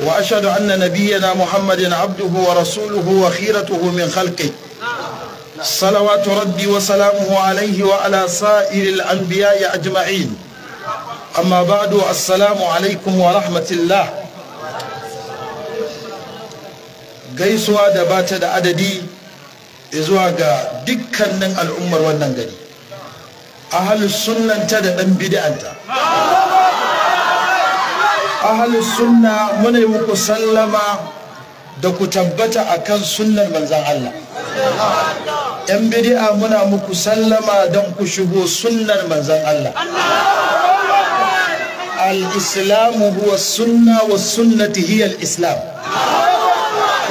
وأشهد أن نبينا محمد عبده ورسوله وخيرته من خلقه صلوات ربي وسلامه عليه وعلى سائر الأنبياء أجمعين أما بعد السلام عليكم ورحمة الله gaisuwa da bata da adadi zuwa ga dukkanin al'ummar wannan gari a halin sunanta da ɗan bid'anta. ahalus sunna muna yi muku sallama da ku tabbata akan sunnar manzan Allah yan bidi'a muna muku sallama don ku shigo sunnar manzan Allah Al'islamu islamu huwa sunna wa sunnati Hiyar islam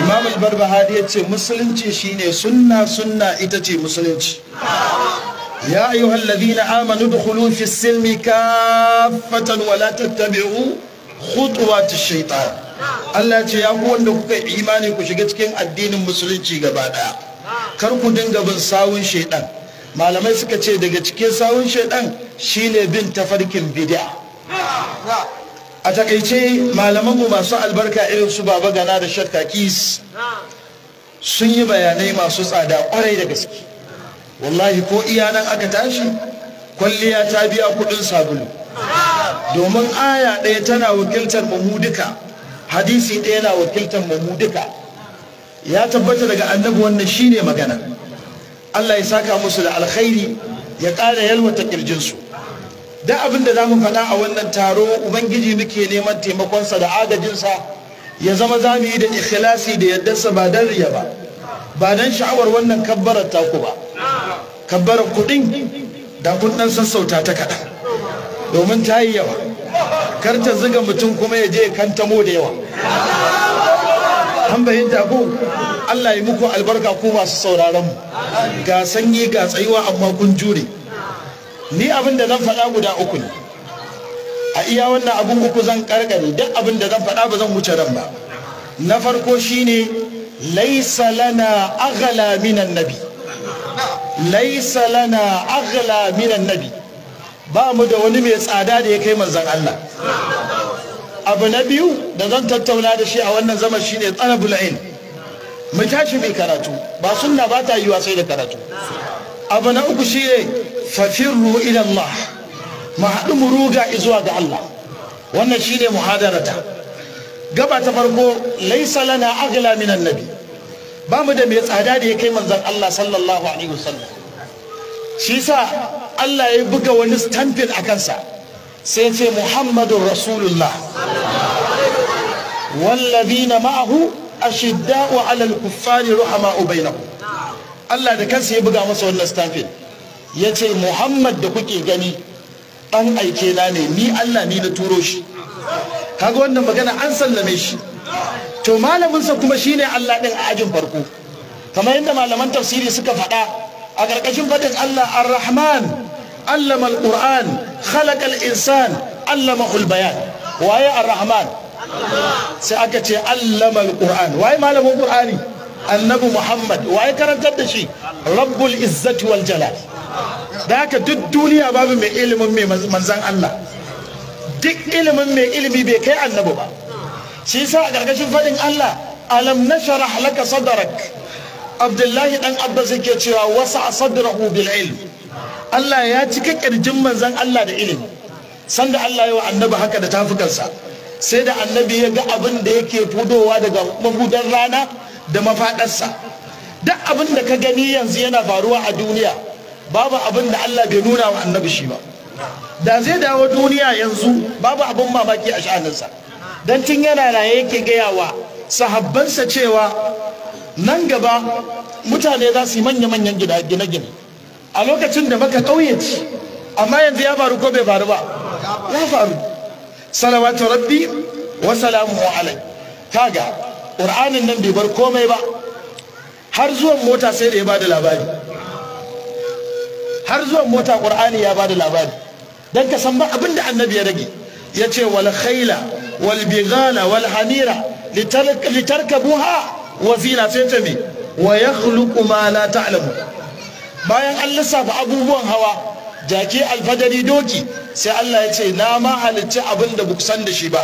imam al-barbahari ya ce musulunci shine sunna sunna ita ce musulunci يا أيها Amanu آمنوا ادخلوا في السلم كافة ولا تتبعوا ta shaitan Allah ce ya ku wanda kuka imani ku shiga cikin addinin musulunci gaba daya kar ku dinga bin sawun shaitan malamai suka ce daga cikin sawun shaitan shine bin tafarkin bid'a a takaice malaman mu masu albarka irin su baba gana da shakka kis sun yi bayanai masu tsada kwarai da gaske wallahi ko iyanan aka tashi kwalliya ta biya kudin sabulu domin aya ɗaya tana wakiltar mu duka hadisi ɗaya na wakiltar mu duka ya tabbata daga annabi wannan shine magana Allah ya saka musu da alkhairi ya ƙara yalwata ƙirjinsu da abin da za mu faɗa a wannan taro ubangiji muke neman taimakonsa da agajinsa ya zama za mu yi da ikhlasi da yaddarsa ba don riya ba ba don sha'awar wannan kabbarar taku ba kabbarar kuɗin da kun sassauta ta kaɗan domin ta yi yawa kar ta ziga mutum kuma ya je kan tamo da yawa an ta ku? Allah ya muku albarka ku masu sauraron mu ga sanyi ga tsayuwa amma kun jure ni abin da zan faɗa guda uku ne a iya wannan abin uku zan karkare duk abin da zan faɗa ba zan wuce ran ba na farko shine laisa lana aghla minan nabi laisa lana aghla minan nabi ba mu da wani mai tsada da ya kai manzan Allah abu na biyu da zan tattauna da shi a wannan zama shine talabul ilm mu tashi mai karatu ba sunna ba ta yiwa sai da karatu abu na uku shine fafirru ila Allah mu haɗu mu ruga zuwa ga Allah wannan shine muhadarata gaba ta farko laisa lana aghla min annabi ba mu da mai tsada da ya kai manzan Allah sallallahu alaihi wasallam shi sa Allah ya buga wani stampin a kansa sai ce Muhammadun Rasulullah wallazina ma'ahu ashidda'u 'alal kuffari ruhama'u bainahum Allah da kansa ya buga masa wannan stampin yace Muhammad da kuke gani dan aike na ne ni Allah ni na turo shi kaga wannan magana an sallame shi to malaminsa sa kuma shine Allah ɗin a ajin farko kamar yadda malaman tafsiri suka faɗa a ƙarƙashin faɗin Allah ar-Rahman allama al-Qur'an khalaqa al-insan allama al-bayan waye ar-Rahman sai aka ce allama al-Qur'an waye malamin Qur'ani annabi Muhammad waye karantar da shi rabbul izzati wal jalal da haka duk duniya babu mai ilimin mai manzan Allah duk ilimin mai ilimi bai kai annabi ba shi yasa a ƙarƙashin faɗin Allah alam nashrah laka sadrak abdullahi dan abbas yake cewa wasu a sadrahu bil ilm Allah ya cika kirjin manzan Allah da ilimi sanda Allah ya wa annabi haka da tafukansa sai da annabi ya ga abin da yake fudowa daga mabudan rana da mafadarsa duk abin da ka gani yanzu yana faruwa a duniya babu abin da Allah bai nuna wa annabi shi ba da zai dawo duniya yanzu babu abin mamaki a sha'aninsa Dan tun yana raye yake gaya wa sahabbansa cewa nan gaba mutane za su yi manya-manyan gida gine-gine a lokacin da maka ƙauye ce amma yanzu ya faru ko bai faru ba ya faru salawatu rabbi wa salamu alai kaga qur'anin nan bai bar komai ba har zuwan mota sai da ya bada labari har zuwan mota ƙur'ani ya bada labari dan ka san ba abinda annabi ya rage Ya ce wal khaila wal bighala wal hamira litarkabuha wa sai ta me wa yakhluqu ma la ta'lamu bayan an lissafa abubuwan hawa jaki alfadari doki sai Allah ya ce na ma halicci abin da buk san da shi ba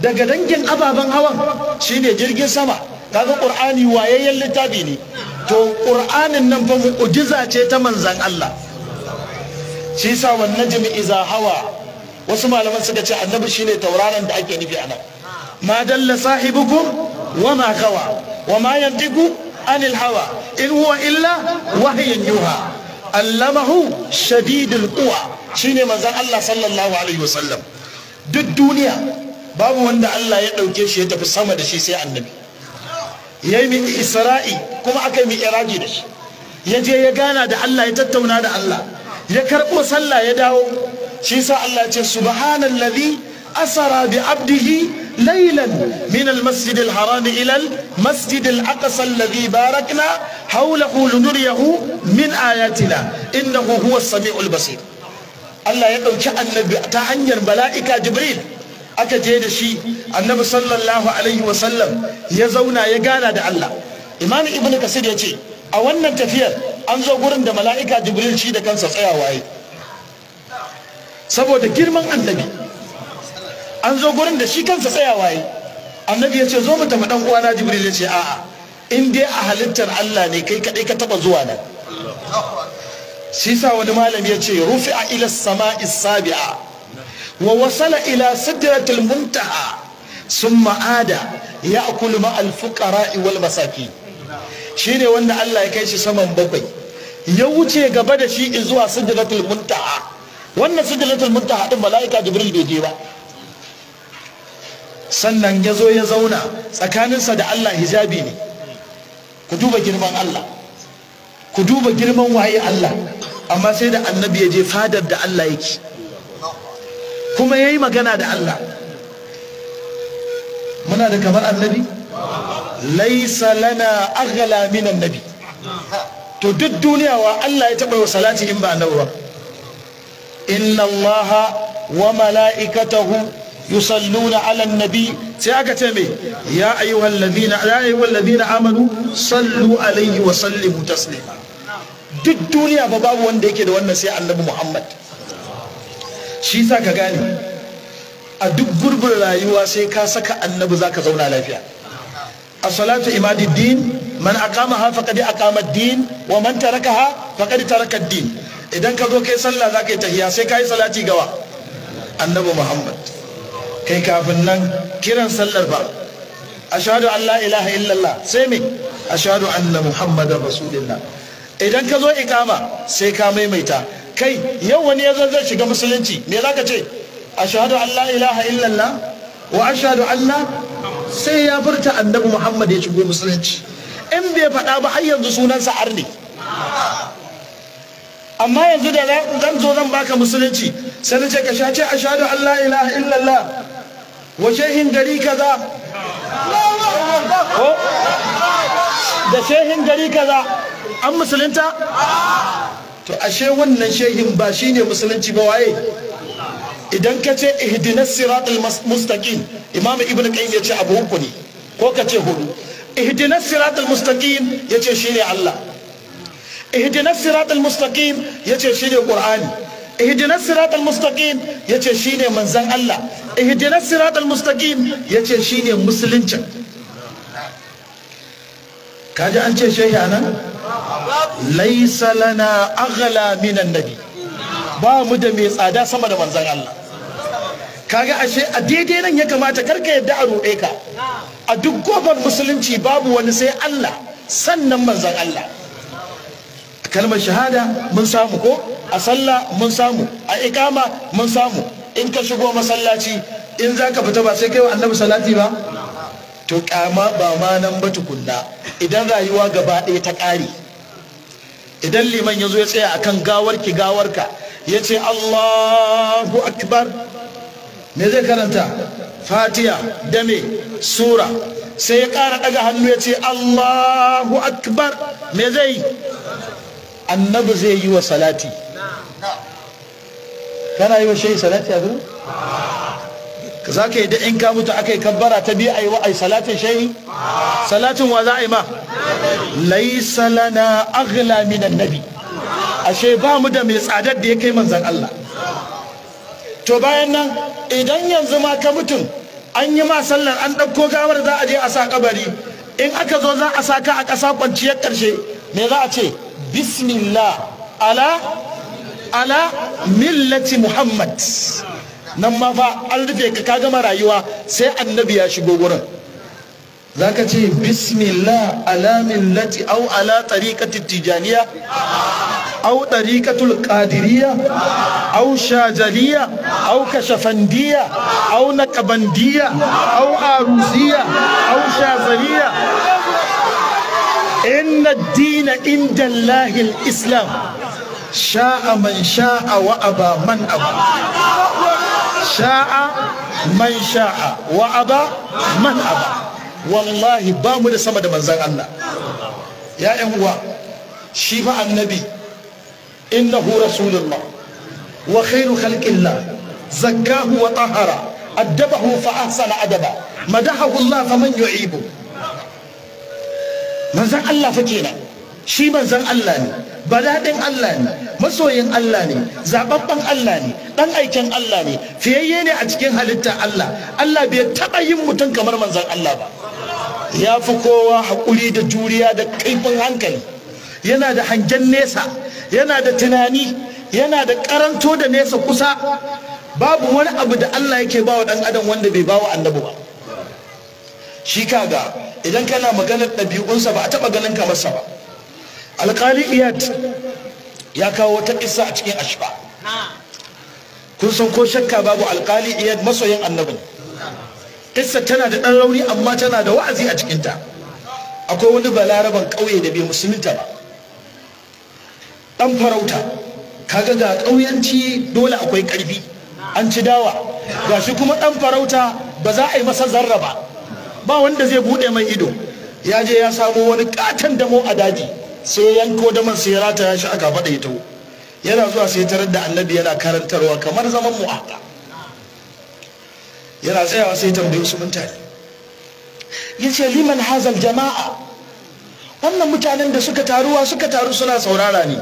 daga dangin ababen hawan shine jirgin sama kaga qur'ani wayayyen littafi ne to qur'anin nan fa mu'jiza ce ta manzan Allah shi yasa wan najmi iza hawa wasu malaman suka ce annabi shine tauraron da ake nufi anan ma dalla sahibukum wa ma kawa wa ma digu anil hawa in huwa illa wahyin yuha allamahu shadidul quwa shine manzon Allah sallallahu duk duniya babu wanda Allah ya ɗauke shi ya tafi sama da shi sai annabi yayi mi isra'i kuma aka mi iraji da shi ya je ya gana da Allah ya tattauna da Allah ya karɓo sallah ya dawo shi sa Allah ya ce subhanallazi asara bi abdihi ليلا من المسجد الحرام إلى المسجد الأقصى الذي باركنا حوله لنريه من آياتنا إنه هو السميع البصير الله يدعوك النبي تهنير ملائكة جبريل aka je da shi annabi sallallahu alaihi wasallam ya zauna ya gana da Allah imam ibnu kasir ya ce a wannan tafiyar an zo gurin da mala'ika jibril shi da kansa tsayawa yi saboda girman annabi an zo gurin da shi kansa tsayawa yi annabi ya ce zo mu tafi dan uwana jibril ya ce a'a in dai a halittar Allah ne kai kadai ka taba zuwa nan shi sa wani malami ya ce rufi'a ila sama'i sabi'a wa wasala ila sidratil muntaha summa ada ya'kulu ma al fuqara'i wal Shi shine wanda Allah ya kai shi saman bakwai ya wuce gaba da shi zuwa sidratil muntaha wannan sidratil muntaha din mala'ika jibril bai je ba sannan ya zo ya zauna tsakaninsa da Allah hijabi ne ku duba girman Allah ku duba girman waye Allah amma sai da annabi ya je fadar da Allah yake kuma ya yi magana da Allah muna da kamar annabi laisa lana aghala min annabi to duk duniya wa Allah ya taɓa wa salati in ba nan ba inna allaha wa mala'ikatahu yusalluna ala nabi sai aka ce me ya ayyuhal ladina ya ayyuhal ladina amanu sallu duk duniya ba babu wanda yake da wannan sai annabi muhammad shi za ka gane a duk gurbin rayuwa sai ka saka annabi zaka zauna lafiya A salatu imaduddin man aqamaha faqad aqama ad-din wa man tarakaha faqad taraka din idan ka zo kai sallah zaka yi tahiya sai ka yi salati gawa annabi muhammad kai kafin nan kiran sallar ba ashhadu an la ilaha illallah sai me shahadu anna muhammadar rasulillah idan ka zo ikama sai ka maimaita kai yau wani ya zai shiga musulunci me za ka ce ashhadu an la ilaha illallah wa shahadu allah sai ya furta annabi muhammad ya shigo musulunci in bai faɗa ba har yanzu sunansa arne amma yanzu da zan zo zan baka musulunci sai na ce ka sha ce ashhadu an la ilaha illallah wa gari kaza da shehin gari an musulunta to ashe wannan shehin ba shine musulunci ba waye idan ka ce ihdinas siratal mustaqim imam ibnu qayyim yace abu uku ne ko ka ce hudu ihdinas siratal mustaqim yace shine Allah yace shine qur'ani ihdinas siratal mustaqim yace shine manzon Allah ihdinas siratal mustaqim yace shine musulunci kaji an ce shehi anan laisa lana aghla minan nabi ba mu da mai tsada sama da manzon Allah kaga ashe a daidai nan ya kamata karka yadda a roɗe ka a duk gobar musulunci babu wani sai Allah sannan manzon Allah kalmar shahada mun samu ko a sallah mun samu a ikama mun samu in ka shigo masallaci in za ka fita ba sai kai wa annabi salati ba to kama ba ma nan ba tukunna idan rayuwa gaba ɗaya ta ƙare idan liman ya zo ya tsaya akan gawarki gawarka ya ce allahu akbar me zai karanta fatiya da me sura sai ya ƙara ɗaga hannu ya ce allahu akbar me zai annabi zai yi wa salati kana yi wa shehi salati a gurin za ka yi da in ka mutu aka yi kabbara ta biyu a yi wa a salatin shehi salatin wa za a yi ma laisa lana aghla min annabi ashe ba mu da mai tsadar da ya kai manzan Allah to bayan nan idan yanzu ma ka mutum an yi ma sallar an ɗauko gawar za a je a sa kabari in aka zo za a sa ka a ƙasa kwanciyar ƙarshe me za a ce bismillah ala ala millati muhammad nan ma fa an rufe ka ka gama rayuwa sai annabi ya shigo gurin zaka ce bismillah ala millati au ala tariqati tijaniya au tariqatul qadiriya au shajaliya au kashafandiya au naqabandiya au arusiya au shazaliya inna dina inda lahil islam sha'a man sha'a wa aba man aba sha'a man sha'a wa aba man aba wallahi ba mu da sama da manzan Allah ya yan uwa shi fa annabi innahu rasulullah wa khairu khalqillah zakkahu wa tahara addabahu fa ahsana adaba madahahu Allah faman yu'ibu manzan Allah fa kenan shi manzan Allah ne baladin Allah ne masoyin Allah ne zababban Allah ne ɗan aikin Allah ne fiyayye ne a cikin halittar Allah Allah bai taɓa yin mutum kamar manzan Allah ba ya fi kowa haƙuri da juriya da kaifin hankali yana da hangen nesa yana da tunani yana da karanto da nesa kusa babu wani abu da Allah yake ba wa dan adam wanda bai ba wa annabi ba shi kaga idan kana maganar ɗabi'unsa ba a taɓa ganin ka masa ba alƙali iyad ya kawo wata isa a cikin ashba kun san ko shakka babu alƙali iyad masoyin annabin Kissa tana da ɗan rauni amma tana da wa'azi a cikinta akwai wani balaraban ƙauye da bai musulunta ba ɗan farauta kaga ga ƙauyanci dole akwai ƙarfi an ci dawa gashi kuma ɗan farauta ba za a yi masa zarra ba ba wanda zai bude mai ido ya je ya samo wani katon damo a daji sai yanko damar sai rata ya shi aka faɗa ya taho yana zuwa sai tarar da annabi yana karantarwa kamar zaman mu'ahda yana tsayawa sai tambayi su mutane ya ce liman hazal jama'a wannan mutanen da suka taruwa suka taru suna saurara ne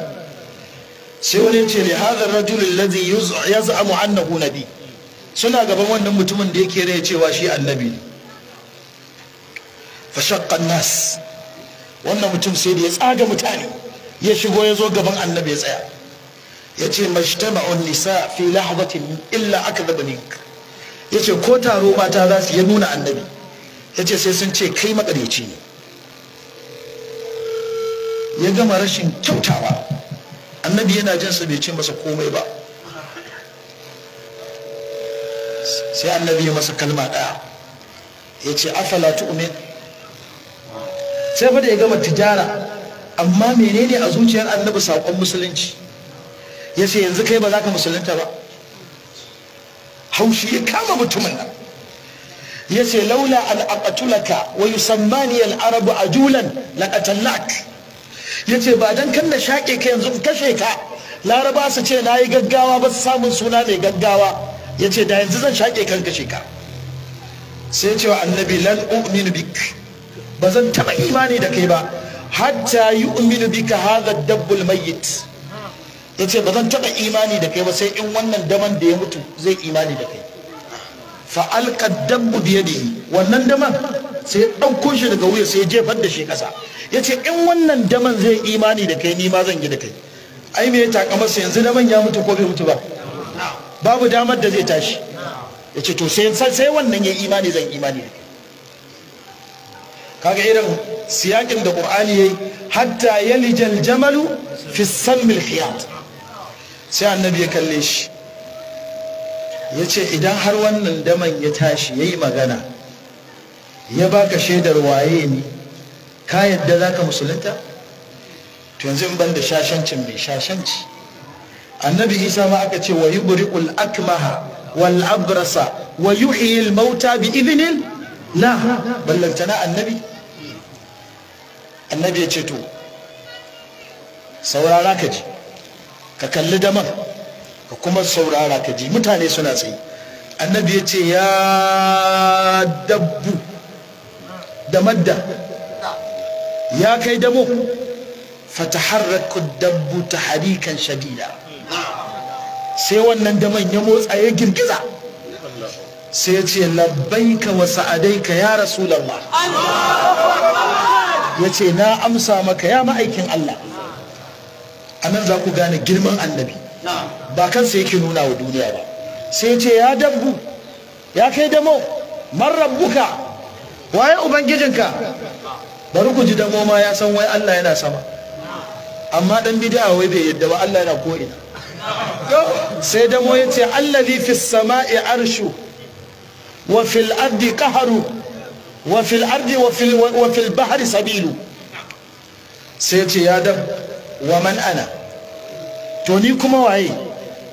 sai wani ce ne hazar rajulun lazi ya za'amu annahu nabi suna gaban wannan mutumin da yake rai cewa shi annabi ne fashakka nas wannan mutum sai da ya tsaga mutane ya shigo ya zo gaban annabi ya tsaya ya ce on nisa fi lahabatin illa aka zaba ya ce ko taro mata za su ya nuna annabi ya ce sai sun ce kai makareci ne ya gama rashin kyautawa annabi yana jinsa bai ce masa komai ba sai annabi ya masa kalma ɗaya ya ce afala tu'min sai fa da ya gama tijara amma menene a zuciyar annabi sakon musulunci ya ce yanzu kai ba za ka musulunta ba haushi ya kama mutumin nan ya ce laula al'aqatulaka wa yusammani al'arabu julan laqatallak ya ce ba dan kan da shaƙe ka yanzu in kashe ka laraba su ce na yi gaggawa ba su samun suna mai gaggawa ya ce da yanzu zan shaƙe kan kashe ka sai cewa annabi lan u'minu bik ba zan taɓa imani da kai ba hatta yi bi ka hadha dabbul mayit. ya ce ba zan taɓa imani da kai ba sai in wannan daman da ya mutu zai imani da kai fa'alƙar dabbu biye da wannan daman sai ya shi daga wuya sai ya jefar da shi ƙasa ya ce in wannan daman zai imani da kai ni ma zan yi da kai ai me ya taka masa yanzu daman ya mutu ko bai mutu ba babu damar da zai tashi ya ce to sai wannan ya imani zan imani da kai kaga irin siyakin da qur'ani yayi hatta yalijal jamalu fi sammil sai annabi ya kalle shi ya ce idan har wannan daman ya tashi ya yi magana ya baka shaidar waye ne ka yadda za ka musulunta to yanzu in ban da shashancin mai shashanci annabi isa ma aka ce wa yi akmaha wal abrasa wa yuhyil mauta bi idhnil la ballantana annabi annabi ya ce to saurara ka ji ka kalli daman ka kuma saurara ka ji mutane suna tsaye annabi ya ce ya dabbu da madda ya kai damo fataharraku dabbu ta harikan shadida sai wannan daman ya motsa ya girgiza sai ya ce labbaika wa sa'adaika ya rasulallah ya ce na amsa maka ya ma'aikin Allah a nan za ku gane girman annabi ba kansa yake nuna wa duniya ba sai ce ya dabbu ya kai damo man buka waye ubangijinka bari ku ji damo ma ya san wai Allah yana sama amma dan bidiya wai bai yadda ba Allah yana ko ina sai damo ya ce allazi fis sama'i arshu wa fil ardi qahru wa fil ardi wa fil sabilu sai ce ya dam wa man ana to ni kuma waye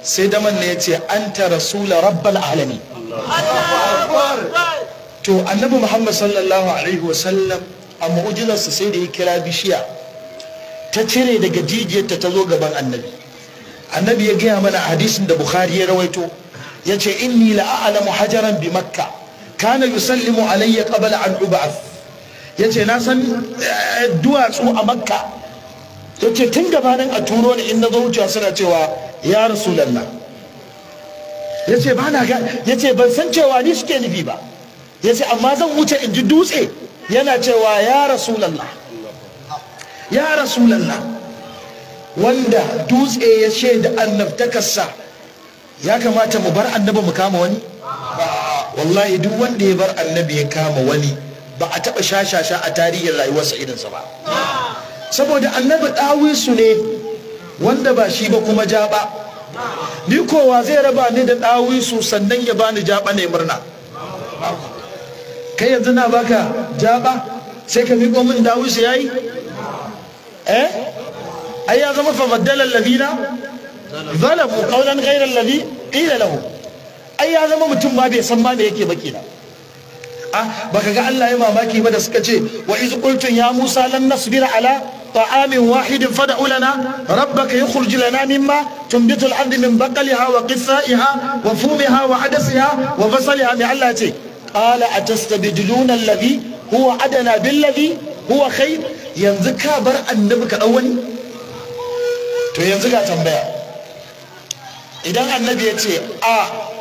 sai daman ne ya ce anta rasula rabbal alamin to annabi muhammad sallallahu alaihi wasallam a mu'ujizarsa sai da ya kira bishiya ta cire daga jijiyarta ta zo gaban annabi annabi ya gaya mana hadisin da bukhari ya rawaito ya ce inni la'alamu hajaran bi makka kana yusallimu alayya qabla an ub'ath yace na san eh, duwatsu a makka yace tun gabanin a turo ni in na zo wucewa suna cewa ya rasulullah yace ba na ga yace ban san cewa ni suke nufi ba yace amma zan wuce in ji dutse yana cewa ya rasulullah ya rasulullah wanda dutse ya shaida annabtakarsa ya kamata mu bar annabi mu kama wani wallahi duk wanda ya bar annabi ya kama wani ba a taɓa shashasha a tarihin rayuwarsa irinsa ba saboda annabi dawisu ne wanda ba shi ba kuma ja ba ni kowa zai raba ni da dawisu sannan ya bani jaɓa ne murna kai yanzu na baka jaɓa sai ka miƙo min ɗawisu ya yi eh ai ya zama fa baddala ladina zalamu qawlan ghayra alladhi qila lahum ai ya zama mutum ba bai san ma me yake baki na a ah, baka ga Allah ya mamaki ba da suka ce wa iz ya Musa lan nasbira ala amin wahidin fad'u lana rabbaka yukhrij lana mimma tunbitu al-ard min baqliha wa qithaiha wa fumiha wa adasiha wa basaliha mai Allah ce qala atastabidiluna alladhi huwa adana billadhi huwa khair yanzu ka bar annabi ka wani to yanzu ga tambaya idan annabi ce a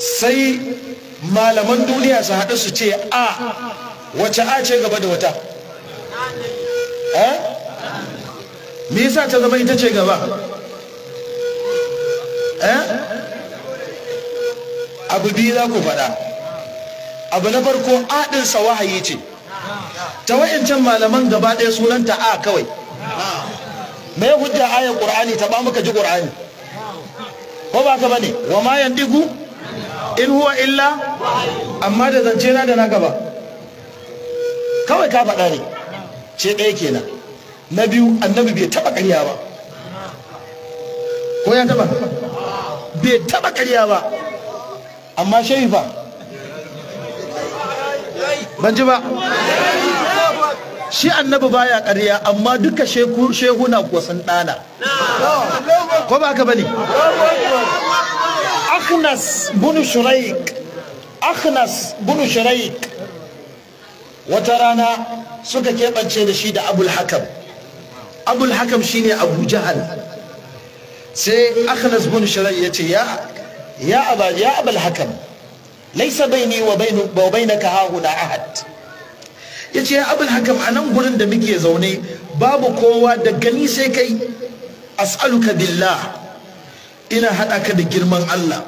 sai malaman duniya su haɗu su ce a wace a ce gaba da wata eh? me yasa ta zama ita ce gaba eh? abu biyu za ku faɗa abu na farko aɗinsa wahayi ce ta wa'incan malaman gaba ɗaya sunanta a kawai mai hujja ayar ƙur'ani ta ba muka ji ƙur'ani ko ba ka bane wa ma ɗigu in huwa illa amma da zance na da na gaba kawai ka faɗa ne ce ɗaya kenan na biyu annabi bai taɓa ƙarya ba ko ya taɓa bai taɓa ƙarya ba amma shehi fa ban ji ba shi annabi baya ƙarya amma duka shehuna kuwa sun ɗana ko ba ka bane akhnas bunu shuraik akhnas wata rana suka keɓance da shi da abul hakam shine abu jahal sai akhnas bin ya ce ya abal hakam laisa baini wa bainaka hahuna ahad ya ce ya abul a nan gurin da muke zaune babu kowa da gani sai kai as'aluka kabila. ina haɗa ka da girman Allah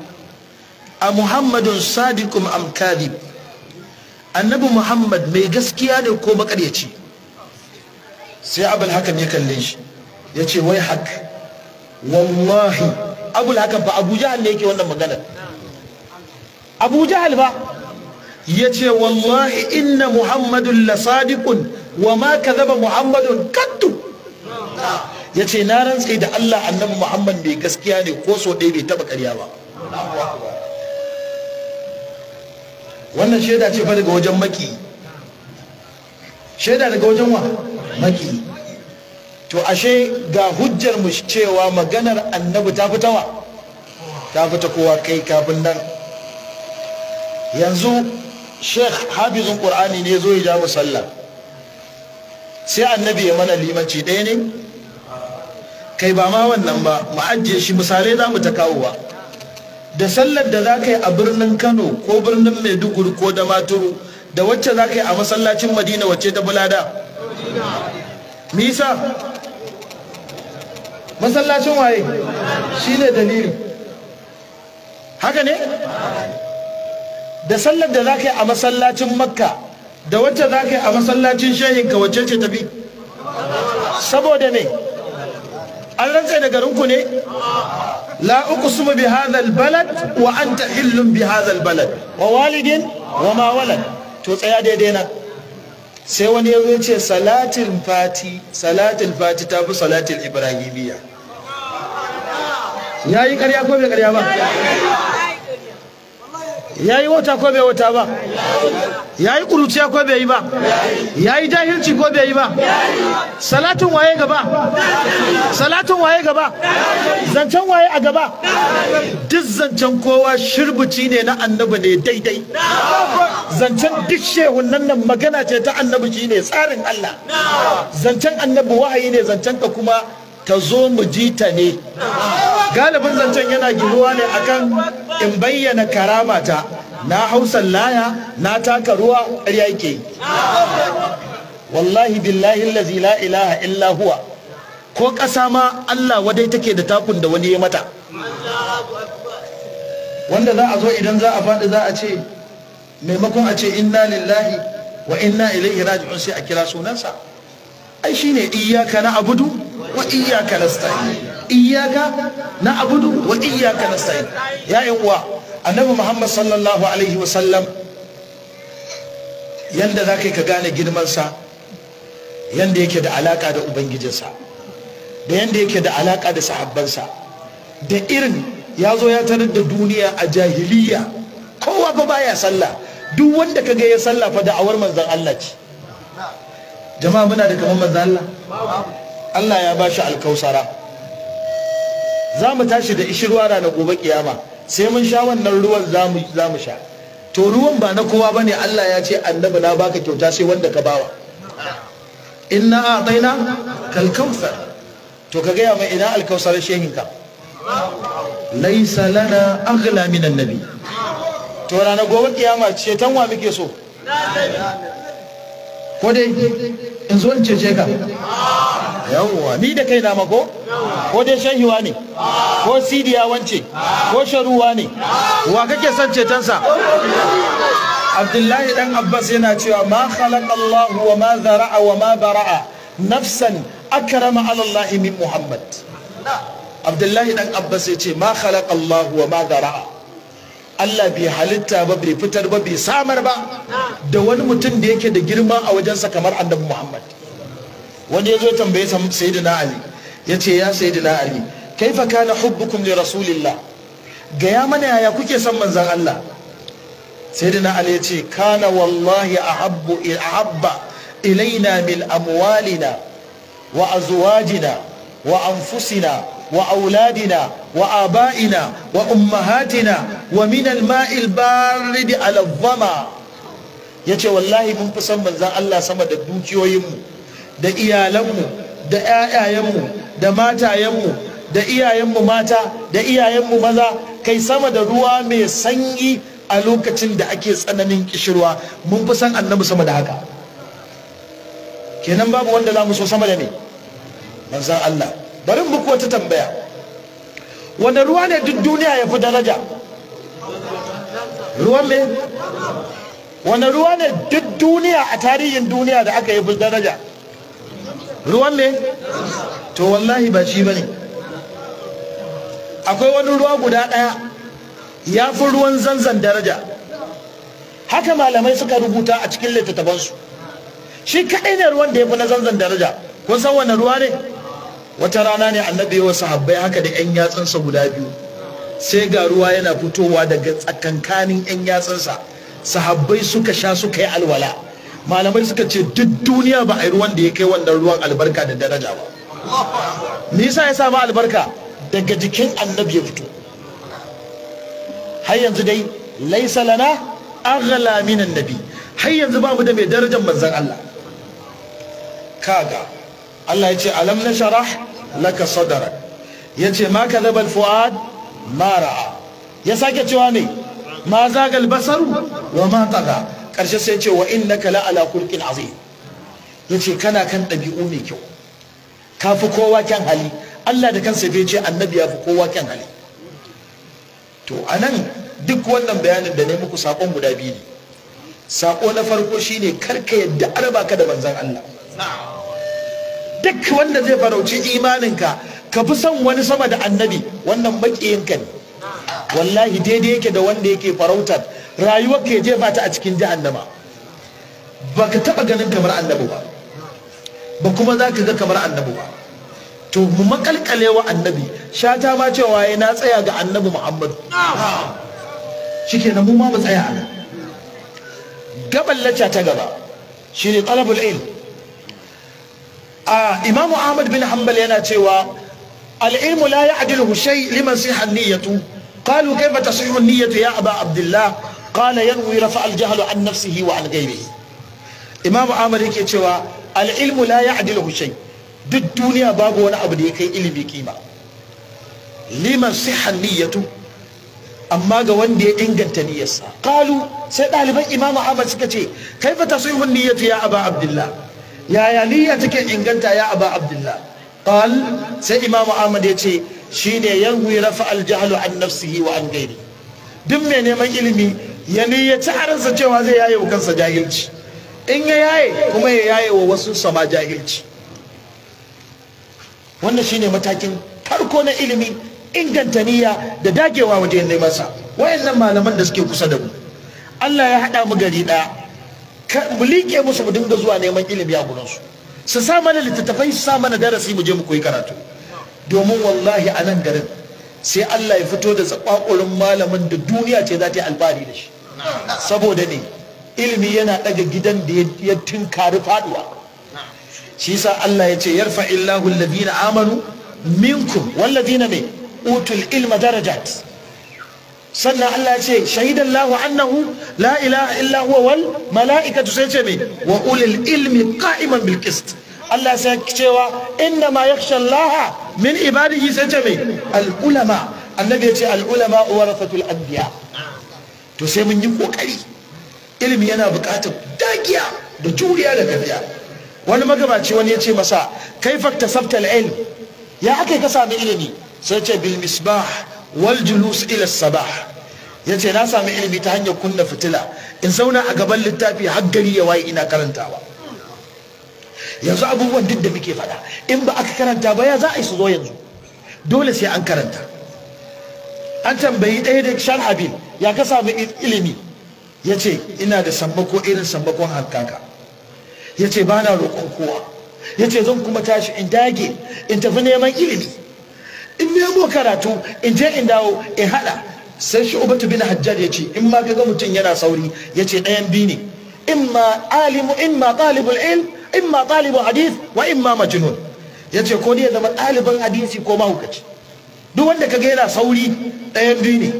a muhammadun sadikum am kadib annabi muhammad mai gaskiya ne ko makaryaci sai abul hakan ya kalle shi ya ce wai hak wallahi abul hakan ba abu jahal ne yake wannan magana abu jahal ba ya ce wallahi inna muhammadun la sadiqun wa ma kadhaba muhammadun Kattu? ya ce na rantse da Allah annabi Muhammad bai gaskiya ne ko so ɗaya bai taɓa ƙarya ba wannan shaida ce fa daga wajen maki shaida daga wajen wa maki to ashe ga hujjar mu cewa maganar annabi ta fita wa ta fita kowa kai kafin nan yanzu sheikh hafizun qur'ani ne zo ya ja sallah sai annabi ya mana limanci ɗaya ne kai ba ma wannan ba mu ajiye shi misalai za mu ta kawowa da sallar da za ka yi a birnin kano ko birnin maiduguri ko da maturu da wacce za ka yi a masallacin madina wacce ta bulada nisa masallacin waye shi ne dalili haka ne da sallar da za ka yi a masallacin makka da wacce za ka yi a masallacin shehinka wacce ce tafi saboda ne an rantsa da garinku ne la uqsimu bi hadha balad wa anta hillun bi hadha balad wa walidin wa ma walad to tsaya daidai nan sai wani ya ce salatul fati salatul fati ta fi salatul ibrahimiyya yayi ƙarya ko bai karya ba ya yi wata ko bai wata ba ya yi ƙuruciya ko bai yi ba ya yi jahilci ko bai yi ba salatin waye gaba salatin waye gaba zancen waye a gaba duk zancen kowa shirbici ne na annabi ne daidai zancen duk shehun nan nan magana ce ta annabi shine tsarin Allah zancen annabi wahayi ne zancen ka kuma ta zo mu ji ta ne galibin zancen yana giruwa ne akan in bayyana karamata na hausan laya na taka ruwa ƙarya yake wallahi billahi lazi la ilaha illa huwa ko ƙasa ma Allah wadai take da takun da wani ya mata wanda za a zo idan za a faɗi za a ce maimakon a ce inna lillahi wa inna ilaihi raji'un sai a kira sunansa ai shine iyyaka na abudu wa iyyaka nasta'in iyyaka na'budu wa iyyaka nasta'in ya yan uwa annabi muhammad sallallahu alaihi wa sallam yanda zaka ka gane girmansa, sa yanda yake da alaka da ubangijinsa da yanda yake da alaka da sahabbansa da irin ya zo ya tarar da duniya a jahiliya kowa ba baya sallah duk wanda ka ya sallah fa da'awar manzon Allah ce jama'a muna da kamar manzon Allah Allah ya ba shi alkausara za mu tashi da ishirwa na gobe kiyama sai mun sha wannan ruwan za mu sha to ruwan ba na kowa bane Allah ya ce annabi na baka kyauta sai wanda ka bawa inna ataina kal kautsar to ka gaya mai ina alkausar shehinka laisa lana aghla min annabi to rana gobe kiyama ce tanwa muke so ko dai in zo in cece ka yawwa ni da kai na mako ko dai shahiwa ne ko sidiya wance ko sharuwa ne wa kake son sa abdullahi dan abbas yana cewa ma khalaqallahu wa ma zara'a wa ma bara'a nafsan akrama ala allahi min muhammad abdullahi dan abbas ya ce ma khalaqallahu wa ma zara'a Allah bai halitta ba bai fitar ba bai samar ba da wani mutum da yake da girma a wajensa kamar annabi Muhammad Wani ya zo ya tambaye sayyidina Ali ya ce ya sayyidina Ali kaifa kana hubbukum li rasulillah gaya mana yaya kuke son manzon Allah sayyidina Ali ya ce kana wallahi ahabbu ahabba ilaina min amwalina wa azwajina wa anfusina wa auladina wa aba'ina wa ummahatina wa min mail barid ala yace wallahi mun fi san manzon Allah sama da dukiyoyinmu da iyalanmu da ƴaƴayenmu da matayenmu da iyayenmu mata da iyayenmu maza kai sama da ruwa mai sanyi a lokacin da ake tsananin kishirwa mun fi san annabi sama da haka kenan babu wanda za mu so sama da me manzon Allah bari muku wata tambaya wanda ruwa ne duk duniya ya fi daraja ruwan me wani ruwa ne duk duniya a tarihin duniya da aka yi fi daraja ruwan me to wallahi ba shi ba ne akwai wani ruwa guda ɗaya ya fi ruwan zanzan daraja haka malamai suka rubuta a cikin littattafansu shi kaɗai ne ruwan da ya fi na zanzan daraja kun san wani ruwa ne wata rana ne annabi ya wasu haka da 'yan yatsunsa guda biyu sai ga ruwa yana fitowa daga tsakankanin 'yan yatsansa sahabbai suka sha suka yi alwala malamai suka ce duk duniya ba a yi ruwan da ya kai wannan ruwan albarka da daraja ba Nisa ya samu albarka daga jikin annabi ya fito har yanzu dai laisa lana aghla min annabi har yanzu babu da mai darajar manzon Allah kaga Allah ya ce alam nasharah laka sadrak yace ma kadhaba al fuad mara ya sake cewa ne ma zagal basaru wa ma karshe sai ce wa innaka la ala kulqin Ya ce kana kan ɗabi'u mai kyau ka fi kowa kyan hali Allah da kansa bai ce annabi ya fi kowa kyan hali to anan duk wannan bayanin da ne muku sakon guda biyu ne sako na farko shine karka yadda araba ka da manzon Allah duk wanda zai farauci imaninka ka fi son wani sama da annabi wannan makiyinka ne wallahi daidai yake da wanda yake farautar rayuwar ka jefa ta a cikin jahannama ba ka taɓa ganin kamar annabi ba ba kuma za ka ga kamar annabi ba to mu makalkale wa annabi shata ma cewa ya na tsaya ga annabi muhammadu shike na mu ma mu tsaya nan gaban lacca ta gaba ne talabul ilm a ah, imamu ahmad bin hanbal yana cewa العلم لا يعدله شيء لمن صح النية قالوا كيف تصح النية يا أبا عبد الله قال ينوي رفع الجهل عن نفسه وعن غيره إمام عامر يكي العلم لا يعدله شيء duk duniya babu wani abu da ya kai ilimi kima liman sihhan niyyatu amma ga wanda ya inganta niyyarsa qalu sai ɗaliban Imam ahmad suka ce kaifa tasihhu niyyatu ya aba abdullah yaya niyya take inganta ya aba qal sai imam ahmad ya ce shine yanwi rafa al jahlu an nafsihi wa an duk mai neman ilimi ya niyyaci aransa cewa zai yaye wa kansa jahilci in ya yaye kuma ya yaye wa wasu sama jahilci wannan shine matakin farko na ilimi inganta niyya da dagewa wajen neman sa wayannan malaman da suke kusa da mu Allah ya haɗa mu gari ɗaya mu liƙe musu mu dinga zuwa neman ilimi a gurinsu su sa mana littattafai su sa mana darasi mu je mu koyi karatu domin wallahi a nan garin sai Allah ya fito da tsakwakurin malamin da duniya ce za ta yi alfahari da shi saboda ne ilimi yana daga gidan da ya tinkari faduwa shi sa Allah ya ce yarfa illahu alladhina amanu minkum walladhina mai utul ilma darajat sannan Allah ce shahidan lahu annahu la ilaha illa huwa wal mala'ikatu sai ce me wa ulil ilmi qa'iman bil qist Allah sai cewa inna ma yakhsha Allah min ibadihi sai ce me al ulama annabi ya ce al ulama warathatul anbiya to sai mun yi kokari ilimi yana buƙatar dagiya da juriya da gafiya wani magabaci wani ya ce masa kaifa tasabta al ilm ya akai ka sami ilimi sai ce bil misbah wal julus ila sabah yace na sami ilimi ta hanyar kunna fitila in zauna a gaban littafi har gari ya waye ina karantawa yanzu abubuwan duk da muke faɗa in ba aka karanta ba ya za a yi su zo yanzu dole sai an karanta an tambayi ɗaya da abin ya ka sami ilimi ya ce ina da sammako irin sambakon hankaka ya ce ba na roƙon kowa ya ce zan kuma tashi in dage in tafi neman ilimi in nemo karatu in je in dawo in hada sai shu'batu bin hajjar ya ce in ma kaga mutum yana sauri ya ce ɗayan biyu ne ma alimu ɗalibul il in ma talibul hadith wa ma majnun ya ce ko ne ya zama ɗaliban hadisi ko mahaukaci duk wanda ga yana sauri ɗayan biyu ne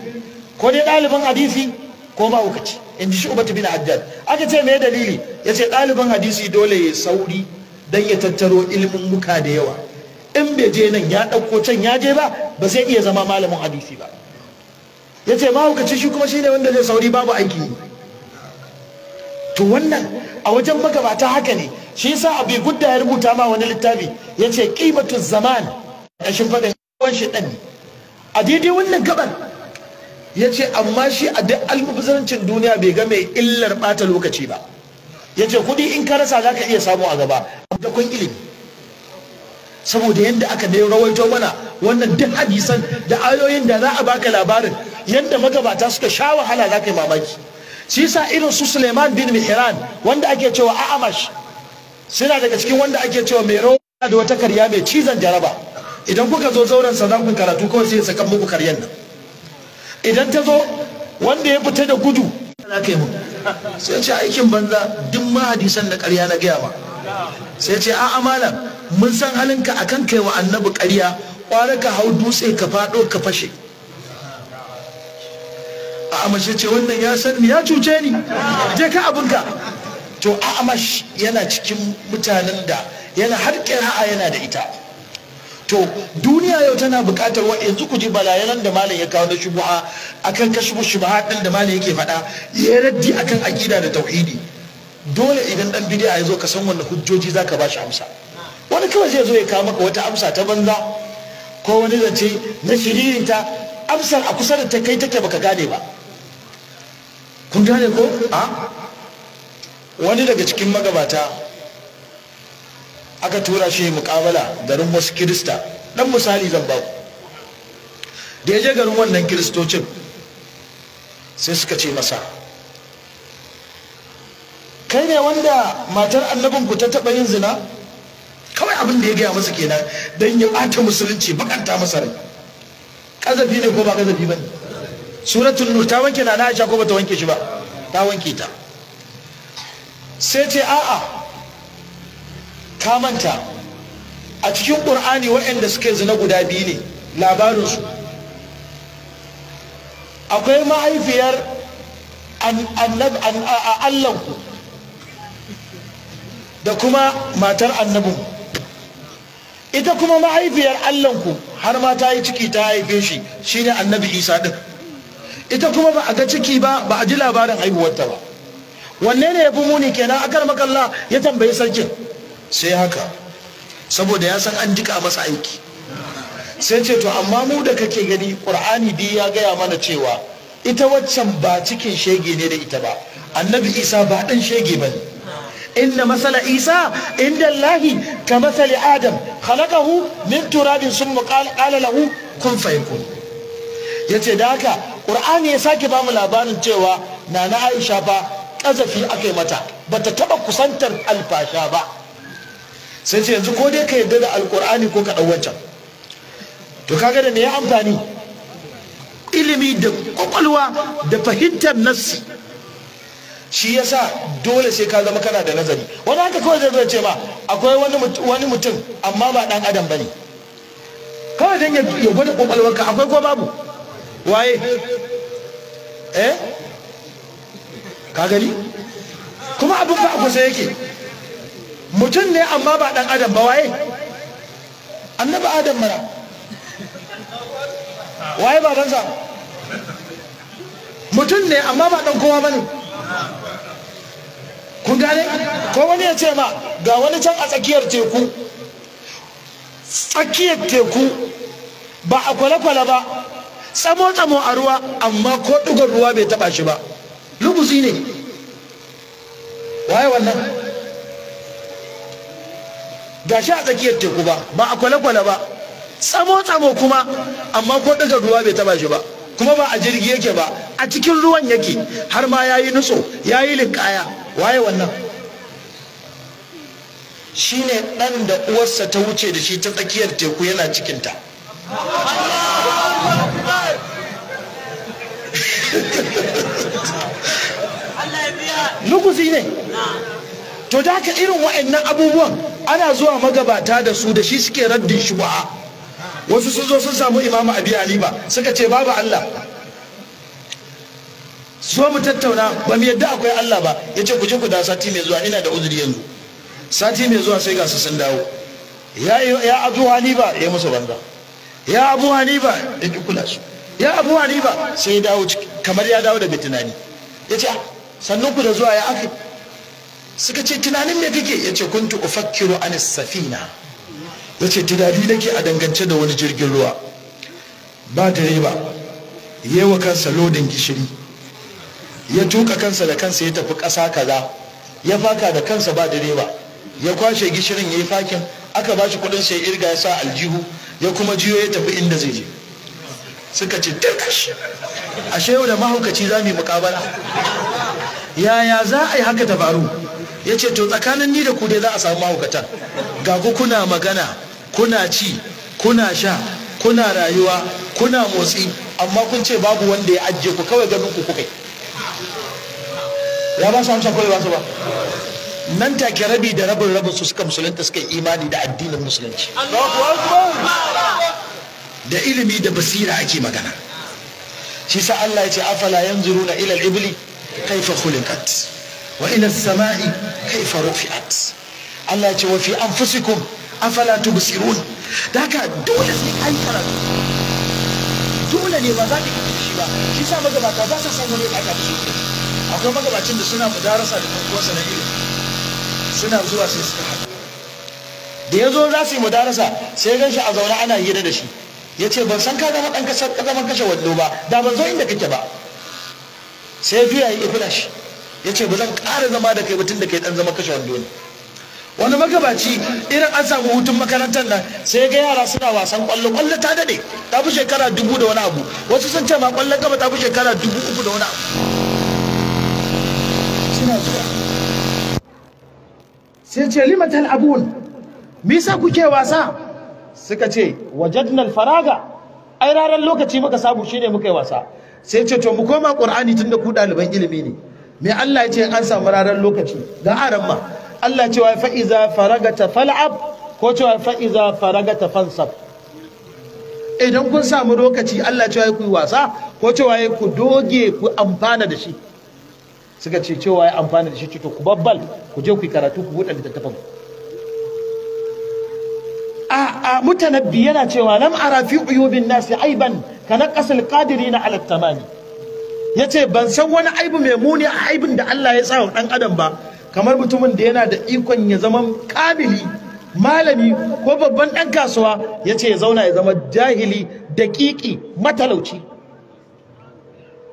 ko ne ɗaliban hadisi ko mahaukaci in ji shu'batu bin hajjar aka ce me dalili ya ce ɗaliban hadisi dole ya sauri dan ya tattaro ilimin muka da yawa in bai je nan ya ɗauko can ya je ba ba zai iya zama malamin hadisi ba ya ce mahaukaci shi kuma shine wanda zai sauri babu aiki to wannan a wajen magabata haka ne shi yasa abi gudda ya rubuta ma wani littafi ya ce ƙimatu zaman shi faɗin yawan shi ɗan a daidai wannan gaban ya ce amma shi a duk almubazarancin duniya bai ga mai illar ɓata lokaci ba ya ce kuɗi in ka rasa za ka iya samu a gaba da kun ilimi saboda yadda aka ne rawaito mana wannan duk hadisan da ayoyin da za a baka labarin yadda magabata suka sha wahala za ka yi mamaki shi sa irin su suleiman bin mihran wanda ake cewa a'amash suna daga cikin wanda ake cewa mai rawa da wata karya mai cizon jaraba idan kuka zo zauren sa za ku karatu kawai sai ya saka muku karyan nan idan ta zo wanda ya fita da gudu za ka sai ce aikin banza duk mahadisan na karya na gaya ba sai ce a'a malam mun san halinka akan kai wa annabi ƙarya ƙwara ka hau dutse ka faɗo ka fashe a amashe ce wannan ya san ni ya cuce ni je ka abinka to a amash yana cikin mutanen da yana har ƙira'a yana da ita to duniya yau tana buƙatar wa yanzu ku ji balayanan da malam ya kawo na shubuha akan kashe shubuha din da malam yake faɗa ya raddi akan akida da tauhidi dole idan dan bidiya ya zo ka san wanda hujjoji za ka shi amsa wani kawai zai zo ya kawo maka wata amsa ta banza ko wani zance na shiririnta amsar a kusa da ta kai take baka gane ba kun gane ko a wani daga cikin magabata aka tura shi mukabala garin wasu kirista dan misali zan ba da ya je garin wannan kiristocin sai suka ce masa kai ne wanda matar annabin ku ta taɓa yin zina kawai abin da ya gaya masa kenan don ya ɓata musulunci bakanta masa rai kazafi ne ko ba kazafi ba ne suratul nur ta wanke na aisha ko ba ta wanke shi ba ta wanke ta sai ce a'a ka manta a cikin ƙur'ani waɗanda suke zina guda biyu ne labarinsu akwai mahaifiyar allanku da kuma matar annabin ita kuma mahaifiyar allahnku har ma ta yi ciki ta haife shi shine annabi isa ɗin ita kuma ba a ga ciki ba ba a ji labarin haihuwarta ba wanne ne ya fi muni kenan a kan makalla ya tambayi sarkin sai haka saboda ya san an jika masa aiki sai ce to amma mu da kake gani qur'ani bi ya gaya mana cewa ita waccan ba cikin shege ne da ita ba annabi isa ba ɗan shege ba ne. inna masala isa inda ka masali adam khalaqahu min turabin sun qala lahu kun Ya yace da haka qur'ani ya sake bamu labarin cewa nana aisha ba kazafi yi mata bata taba kusantar alfasha ba sai ce yanzu ko dai ka yarda da alqur'ani ko ka dau wancan to kaga da me ya amfani ilimi da ƙwaƙwalwa da fahimtar nassi shi ya sa dole sai ka zama kana da nazari wani haka kawai zai ce ma akwai wani mutum amma ba dan adam bane kawai don ya gwada kwakwalwarka akwai ko babu waye eh ka gani kuma abin ba a kusa yake mutum ne amma ba dan adam ba waye annaba adam mana waye babansa mutum ne amma ba dan kowa ba ne. kun gane ko wani ya ce ma ga wani can a tsakiyar teku tsakiyar teku ba a kwale-kwale ba tsamo-tsamo a ruwa amma ko ɗugar ruwa bai taɓa shi ba lubuzi ne waye wannan ga shi a tsakiyar teku ba ba a kwale-kwale ba tsamo-tsamo kuma amma ko ɗugar ruwa bai taɓa shi ba kuma ba a jirgi yake ba a cikin ruwan yake har ma ya yi nutso ya yi linkaya waye wannan shine ɗan da uwarsa ta wuce da shi ta tsakiyar teku yana cikinta lukusi ne to da haka irin wa'annan abubuwan ana zuwa magabata da su da shi suke raddin ba wasu sun zo sun samu imamu abi hanifa suka ce babu allah zo mu tattauna ba mu yadda akwai Allah ba ya ce ku je ku da sati mai zuwa ina da uzuri yanzu sati mai zuwa sai ga su sun dawo ya ya abu haniba ya musu banza ya abu haniba ya ki kula su ya abu haniba sai ya dawo kamar ya dawo da bi tunani ya ce ah, sannu ku da zuwa ya afi suka ce tunanin me kike ya ce kuntu ufakkiru an safina ya ce tunani nake a dangance da wani jirgin ruwa ba direba yewa kansa lodin gishiri ya tuka kansa da kansa ya tafi kasa kaza ya faka da kansa ba direba ya kwashe gishirin ya yi fakin aka ba shi kudin sai irga ya sa aljihu ya kuma jiyo ya tafi inda zai je suka ce turkash ashe yau da mahaukaci za mu yi mukabala yaya za a yi haka ta faru ya ce to tsakanin ni da ku dai za a samu mahaukatan ga ku kuna magana kuna ci kuna sha kuna rayuwa kuna motsi amma kun ce babu wanda ya ajiye ku kawai ganin ku kukai ya ba su amsa ko ba su ba nan take rabi da rabin rabin su suka musulunta suka imani da addinin musulunci da ilimi da basira ake magana shi sa Allah ya ce afala yanzuruna ila ilal ibli kaifa khuliqat wa ila as-sama'i kaifa rufi'at Allah ya ce wa fi anfusikum afala tubsirun da haka dole sai an karatu dole ne ba za ka iya shi ba shi sa magabata ba sa san wani ya da su akwai magabacin da suna mudarasa da ɗan na ilimi suna zuwa sai suka haɗu da ya zo za su yi mudarasa sai gan shi a zaune ana hira da shi ya ce ban san ka zama ɗan zaman kashe wallo ba da ban zo inda kake ba sai biya ya yi shi ya ce ba zan ƙara zama da kai mutum da kai ɗan zama kashe wallo ne wani magabaci irin an samu hutun makarantar nan sai ga yara suna wasan kwallo kwallo ta dade ta fi shekara dubu da wani abu wasu sun ce ma kwallon gaba ta fi shekara dubu uku da wani abu suna zuwa sai ce limatal abun me yasa kuke wasa suka ce wajadnal faraga ai raran lokaci muka samu shine muka yi wasa sai ce to mu koma qur'ani tunda ku ɗaliban ilimi ne me Allah ya ce an samu raran lokaci ga aran ma Allah cewa fa'iza iza faragata fal'ab ko cewa fa'iza iza faragata fansab idan kun samu lokaci Allah cewa ku yi wasa ko cewa ku doge ku amfana da shi suka ce cewa ya amfana da shi to ku babbal ku je ku yi karatu ku buɗe littattafan a a mutanabbi yana cewa lam ara fi uyubin nasi aiban kana qasil na ala tamani yace ban san wani aibu mai muni a aibin da Allah ya sa wa dan adam ba kamar mutumin da yana da ikon ya zama kamili malami ko babban ɗan kasuwa ya ce ya zauna ya zama jahili da ƙiƙi matalauci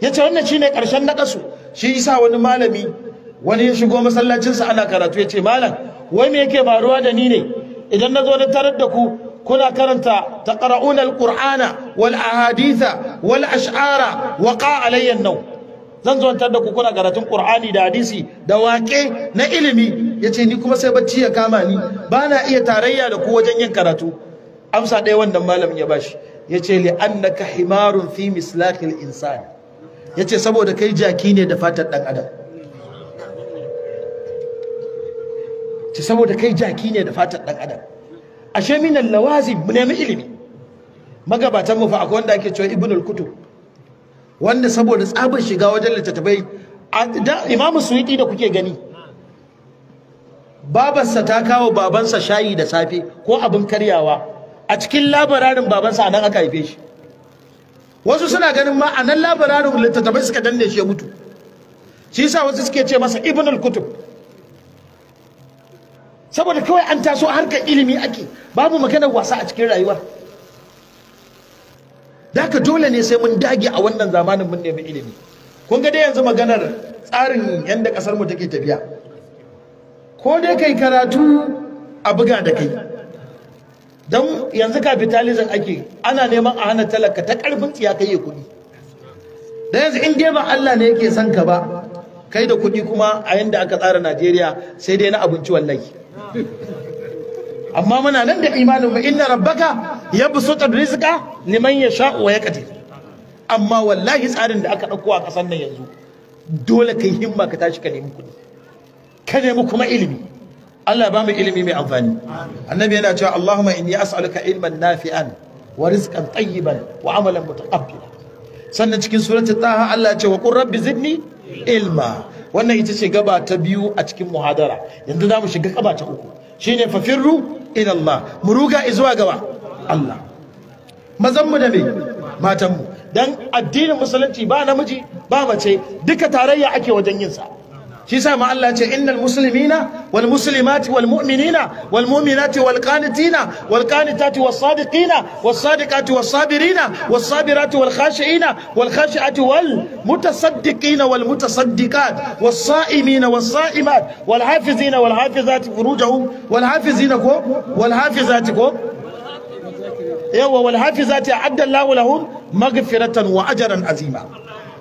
ya ce wannan ne ƙarshen na ƙasu shi isa wani malami wani ya shigo masallacinsa ana karatu ya ce malam wai me yake faruwa da ni ne idan na zo na tarar da ku kuna karanta ƙara'unar alqur'ana wal ahaditha wal ash'ara waqa alayya nau zan zo da ku kuna karatun Qur'ani da hadisi da waƙe na ilimi yace ni kuma sai bacci ya kama ni bana iya tarayya da ku wajen yin karatu amsa ɗaya wannan malamin ya bashi yace li annaka himarun fi mislaqil insani yace saboda kai jaki ne da fatar dan adam ce saboda kai jaki ne da fatar dan adam ashe minan lawazim nemi ilimi magabatan mu fa akwai wanda ake cewa ibnul kutub wanda saboda tsabar shiga wajen littattafai imamu suyuti da kuke gani babarsa ta kawo babansa shayi da safe ko abin karyawa a cikin labararin babansa a nan aka haife shi wasu suna ganin ma a nan labararin littattafai suka danne shi ya mutu shi yasa wasu suke ce masa ibn al-kutub saboda kawai an taso harkar ilimi ake babu maganar wasa a cikin rayuwa Daka dole ne sai mun dage a wannan zamanin mun nemi ilimi kun ga dai yanzu maganar tsarin yadda kasar mu take tafiya ko dai kai karatu a buga da kai don yanzu capitalism ake ana neman a hana talaka ta karfin tsiya kai kuɗi da yanzu in dai ba Allah ne yake son ka ba kai da kuɗi kuma a yanda aka tsara Najeriya sai dai na abinci wallahi amma muna nan da imanin ba inna rabbaka yabsutu rizqa liman yasha wa yaqdir amma wallahi tsarin da aka dauko a kasan nan yanzu dole kai himma ka tashi ka nemi kuɗi ka nemi kuma ilimi Allah ya mu ilimi mai amfani annabi yana cewa Allahumma inni as'aluka ilman nafi'an wa rizqan tayyiban wa amalan mutaqabbila sannan cikin suratul taha Allah ya ce wa qur rabbi zidni ilma wannan ita ce gaba ta biyu a cikin muhadara yanzu za mu shiga gaba ta uku shine fafirru ila Allah mu ruga zuwa gaba Allah mazan mu da me matan mu dan addinin musulunci ba namiji ba mace duka tarayya ake wajen yin sa shi sa ma Allah ce innal muslimina wal muslimati wal mu'minina wal mu'minati wal qanitina wal qanitati was sadiqina was sadiqati was sabirina was sabirati wal khashiina wal khashiati wal mutasaddiqina wal mutasaddiqat was saimina was saimat wal hafizina wal hafizati furujahum wal hafizina ko wal hafizati ko yawa wal hafizati a'adda Allahu lahum maghfiratan wa ajran azima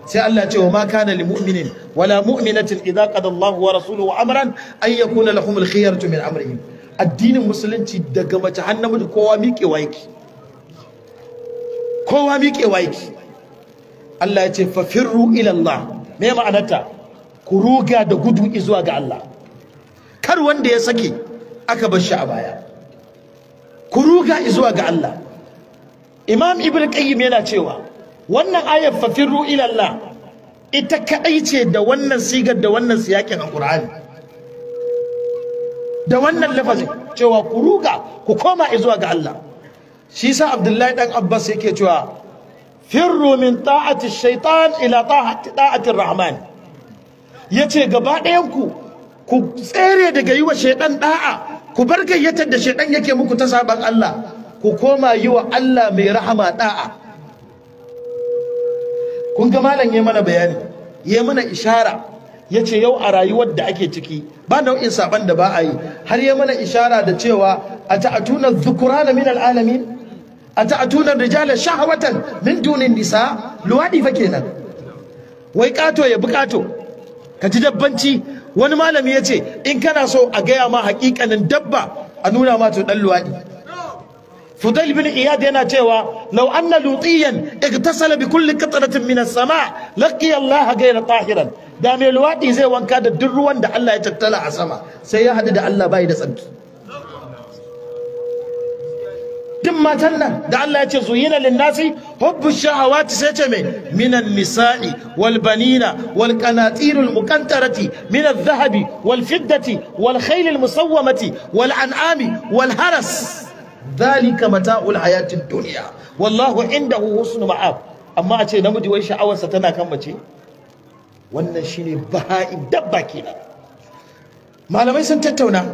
sai Allah ce wa ma kana lil mu'minin wala mu'minatin idza qada Allahu wa rasuluhu amran ay yakuna lahumul khiyaratu min amrihim addinin musulunci daga mace hannun namiji kowa miƙewa yake kowa miƙewa yake Allah ya ce fafirru ila Allah me ma'anarta ku ruga da gudu zuwa ga Allah kar wanda ya sake aka bar shi a baya ku ruga zuwa ga Allah Imam Ibn Qayyim yana cewa wannan ayar fafirru ilallah ita kadai ce da wannan sigar da wannan siyakin alqur'ani da wannan lafazin cewa ku ruga ku koma zuwa ga Allah shi sa Abdullahi dan Abbas yake cewa firru min ta'ati shaitan ila ta'ati ta'ati rahman yace gaba ɗayan ku ku tsere daga yiwa wa da'a ku bar gayyatar da shaitan yake muku ta saban Allah ku koma yiwa Allah mai rahama da'a kun ga malam ya mana bayani ya mana ishara ya ce yau a rayuwar da ake ciki ba nau'in saban da ba a yi har ya mana ishara da cewa a tunar zukura na min alami a ta'atuna rijala shahawatan min dunin nisa luwaɗi fa kenan wai kato ya bukato ka ji dabbanci wani malami ya ce in kana so a gaya ma hakikanin dabba a nuna ma to dan luwaɗi. Fudail bin iyadi yana cewa law anna lutiyan igtasala bi kulli qatratin min as-sama laqiya Allah ghayra tahiran da mai luwadi zai wanka da duk ruwan da Allah ya tattala a sama sai ya hadu da Allah bai da tsarki duk matan nan da Allah ya ce zuyina linnasi hubbu shahawati sai ce me minan nisa'i wal banina wal qanatirul muqantarati min adh-dhahabi wal fiddati wal khayl al musawwamati wal an'ami wal haras dhalika mata'ul hayatid dunya wallahu indahu husnul ma'ab amma a ce namiji wai sha'awarsa tana kan mace wannan shine baha'in dabba kenan malamai sun tattauna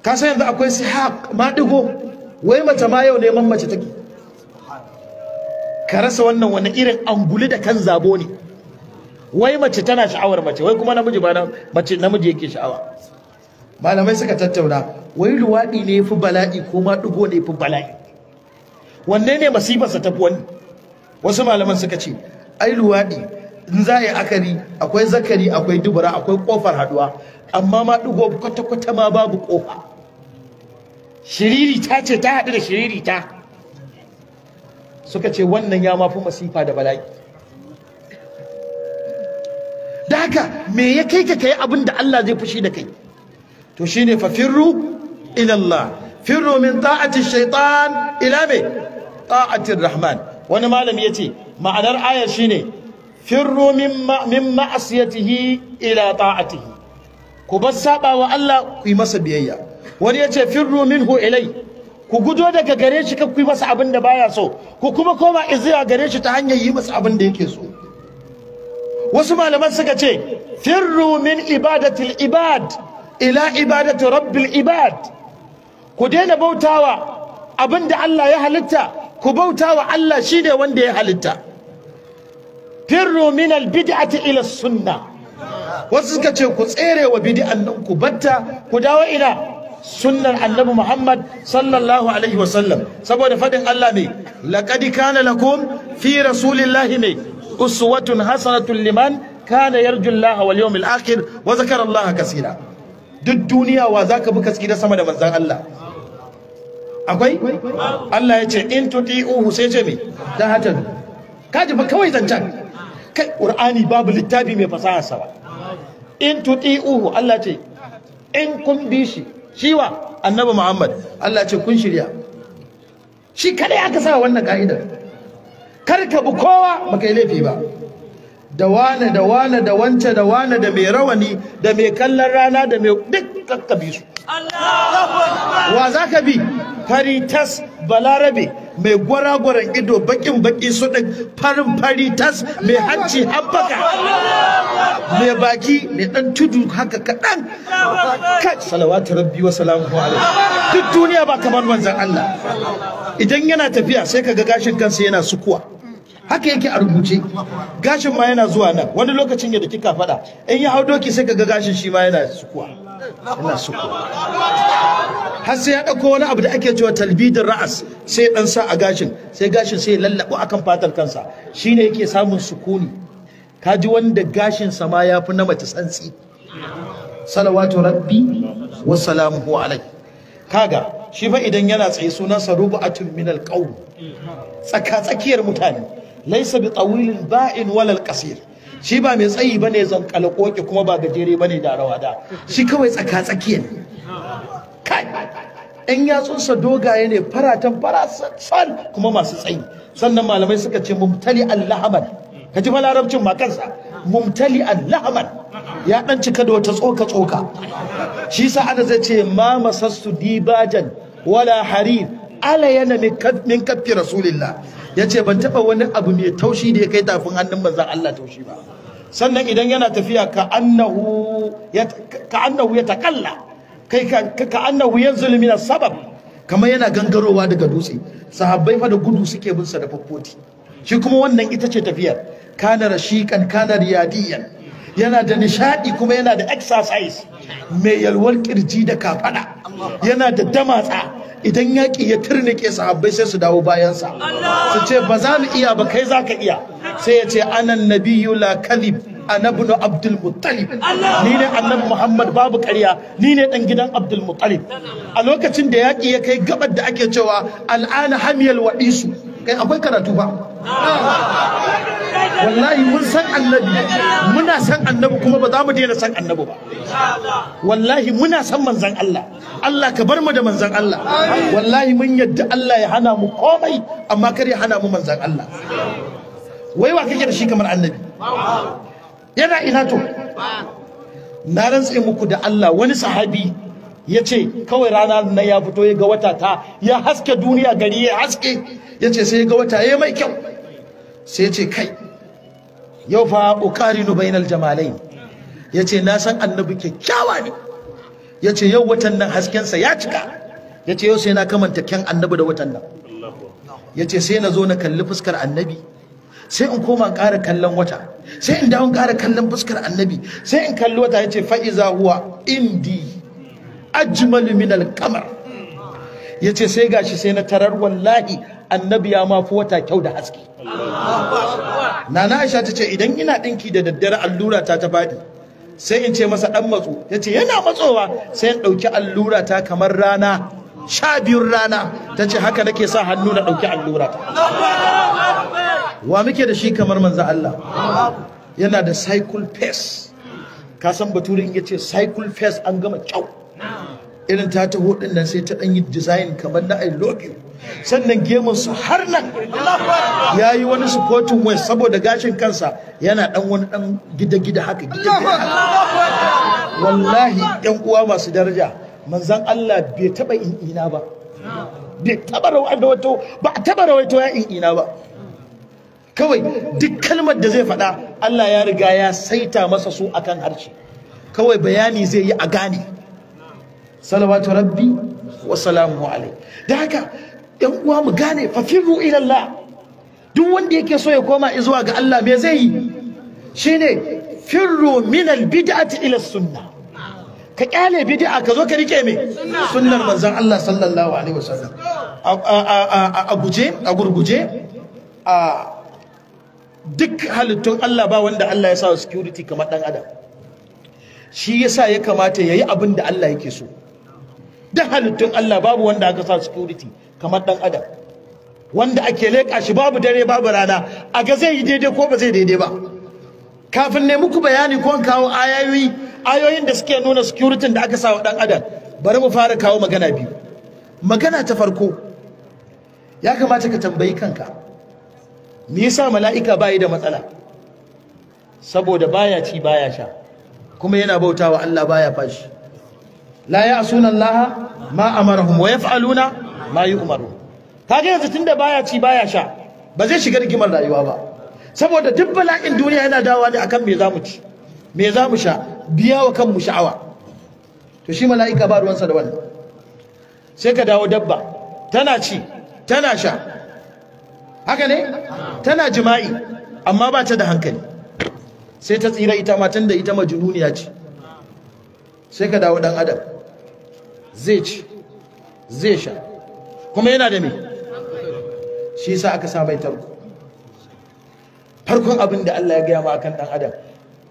ka san yanzu akwai sihaq ma digo wai mace ma yau neman mace take ka rasa wannan wani irin anguli da kan zabo ne wai mace tana sha'awar mace wai kuma namiji ba mace namiji yake sha'awa malamai suka tattauna wai luwaɗi ne fi bala'i ko ma ɗigo ne fi bala'i wanne ne masifarsa ta wani wasu malaman suka ce ai luwaɗi in za a yi akari akwai zakari akwai dubura akwai ƙofar haɗuwa amma ma ɗigo kwata-kwata ma babu ƙofa shiririta ce ta haɗu da shiririta suka ce wannan ya mafi masifa da bala'i da haka me ya kai ka kai abin da Allah zai fushi da kai to shine fa firru ila firru min ta'ati shaytan ila me ta'ati rahman wani malami yace ma'anar ayar shine firru min ma'asiyatihi ila ta'atihi ku bar saba wa Allah ku yi masa biyayya wani yace firru minhu ilai ku gudo daga gare shi kan ku yi masa abin da baya so ku kuma koma izuwa gare shi ta hanyar yi masa abin da yake so wasu malaman suka ce firru min ibadatil ibad ila ibadatu rabbil ibad ku daina bautawa abinda Allah ya halitta ku bautawa Allah shine wanda ya halitta firru min ta ila sunna wasu suka ce ku tsere wa bid'an nan ku batta ku dawo ina sunnar annabi Muhammad sallallahu alaihi wa sallam saboda fadin Allah ne laqad kana lakum fi rasulillahi ne uswatun hasanatun liman kana yarju Allah wal yawmil akhir wa zakara Allah kaseera duk duniya wa ka bi kaski na sama da manzan Allah akwai Allah ya ce in uhu sai ce me dan ka kaji ba kawai zancen. kai ƙur'ani babu littafi mai fasaha sa In in uhu Allah ce in kun bi shi shiwa annabi Muhammad Allah ce kun shirya shi kada aka sa wannan ka'idar kar ka kowa baka yi laifi ba da wane da wane da wance da wane da mai rawani da mai kallon rana da mai duk kakkabi su wa za ka bi fari balarabe mai gwaragwaran ido bakin baki su ɗin farin fari mai hanci haɓaka mai baki mai ɗan tudu haka kaɗan kai salawatu rabbi wa salamu duk duniya ba kamar wanzan Allah idan yana tafiya sai ka ga gashin kansa yana sukuwa haka yake a rubuce gashin ma yana zuwa nan wani lokacin yadda kika faɗa in ya hau doki sai ka ga gashin shi ma yana sukuwa yana sukuwa har sai ya ɗauko wani abu da ake cewa talbidin ra'as sai ɗan sa a gashin sai gashin sai ya lallaɓo akan fatar kansa shine yake samun sukuni kaji ji wanda gashin sa ma ya fi na mace santsi salawatu rabbi wa salamuhu alai kaga shi fa idan yana tsaye sunan sa rubu'atun minal qawl tsaka tsakiyar mutane laysa bi tawilin ba'in walal kasir shi ba mai tsayi bane zan kalkoki kuma ba gajere bane da rawa da. shi kawai tsaka tsakiya ne kai in yatsunsa dogaye ne faratan farasan kuma masu tsayi sannan malamai suka ce mumtali allahaman ka ji larabcin ma mumtali allahaman ya dan cika da wata tsoka tsoka shi sa ana zai ce ma masassu dibajan wala harir ala yana min kafi rasulillah ya ce ban taba wani abu mai taushi da ya kai tafin hannun manzan Allah taushi ba sannan idan yana tafiya ka annahu ya takalla kai ka annahu ya zulmi na sabab kamar yana gangarowa daga dutse sahabbai fa da gudu suke bin sa da faffoti shi kuma wannan ita ce tafiyar kana rashikan kana riyadiyan yana da nishadi kuma yana da exercise mai yalwar kirji da kafada yana da damatsa idan yaƙi ya turnike sahabbai sai su dawo bayansa su ce ba za mu iya ba kai za ka iya sai ya ce anan nabiyyu la kalib anabnu abdul muttalib ni ne annabi muhammad babu ƙarya ni ne dan gidan abdul muttalib a lokacin da yaƙi ya kai gabar da ake cewa al'ana hamiyal waɗisu kai akwai karatu ba wallahi mun san annabi muna san annabi kuma ba za mu daina san annabi ba wallahi muna san manzan Allah Allah ka bar mu da manzan Allah wallahi mun yadda Allah ya hana mu komai amma kar ya hana mu manzan Allah wai wa kake da shi kamar annabi yana ina to na rantse muku da Allah wani sahabi ya ce kawai rana na ya fito ya ga wata ta ya haske duniya gari ya haske ya ce sai ya ga wata ya mai kyau sai ya ce kai yau fa uqarinu bainal jamalain yace na san annabi kyakkyawa ne yace yau watan nan hasken sa ya cika yace yau sai na kamanta kyan annabi da watan nan yace sai na zo na kalli fuskar annabi sai in koma ƙara kallon wata sai in dawo ƙara kallon fuskar annabi sai in kalli wata yace faiza huwa indi ajmalu min al-qamar yace sai gashi sai na tarar wallahi annabi ya ma fi wata kyau da haske nana aisha ta ce idan ina dinki da daddare allura ta ta faɗi sai in ce masa dan matso ya ce yana matsowa sai in ɗauki allura ta kamar rana sha biyun rana ta ce haka nake sa hannu na ɗauki allura ta wa muke da shi kamar manzo Allah yana da cycle pace ka san baturin ya ce cycle pace an gama kyau irin ta taho din nan sai ta ɗan yi design kamar na I love sannan gemunsa har nan ya yi wani supportin wai saboda gashin kansa yana dan wani dan gida-gida haka wallahi yan uwa masu daraja manzan Allah bai taba ina ba bai taba rawaito ba taba rawaito ya in ina ba kawai duk kalmar da zai faɗa Allah ya riga ya saita masa su akan harshe kawai bayani zai yi a gane salawatu rabbi wa salamu alai da haka yan uwa mu gane fafiru ila Allah duk wanda yake so ya koma zuwa ga Allah me zai yi shine firru min albid'ati ila sunna ka kyale bid'a ka zo ka rike me sunnar manzon Allah sallallahu alaihi wasallam a guje a gurguje a duk halittun Allah ba wanda Allah ya sa security kamar dan adam shi yasa ya kamata yayi abin da Allah yake so duk halittun Allah babu wanda aka sa security kamar dan adam wanda ake leka shi babu dare babu rana a ga zai yi daidai ko ba zai daidai ba kafin ne muku bayani ko kawo ayoyi ayoyin da suke nuna security da aka sa wa dan adam bari mu fara kawo magana biyu magana ta farko ya kamata ka tambayi kanka me yasa mala'ika bai da matsala saboda baya ci baya sha kuma yana bautawa Allah baya fashi la ya'suna Allah ma amarahum wa yaf'aluna ma yu'maru kaga yanzu tunda baya ci baya sha ba zai shiga rigimar rayuwa ba saboda duk bala'in duniya yana dawa ne akan me zamu ci me zamu sha biya wa kanmu sha'awa to shi mala'ika ba ruwan sa da wannan sai ka dawo dabba tana ci tana sha haka ne tana jima'i amma ba ta da hankali sai ta tsira ita ma tunda ita majununiya ce sai ka dawo dan adam zai ci zai sha kuma yana da me shi yasa aka sa mai tarko farkon abin da Allah ya gaya ma akan dan adam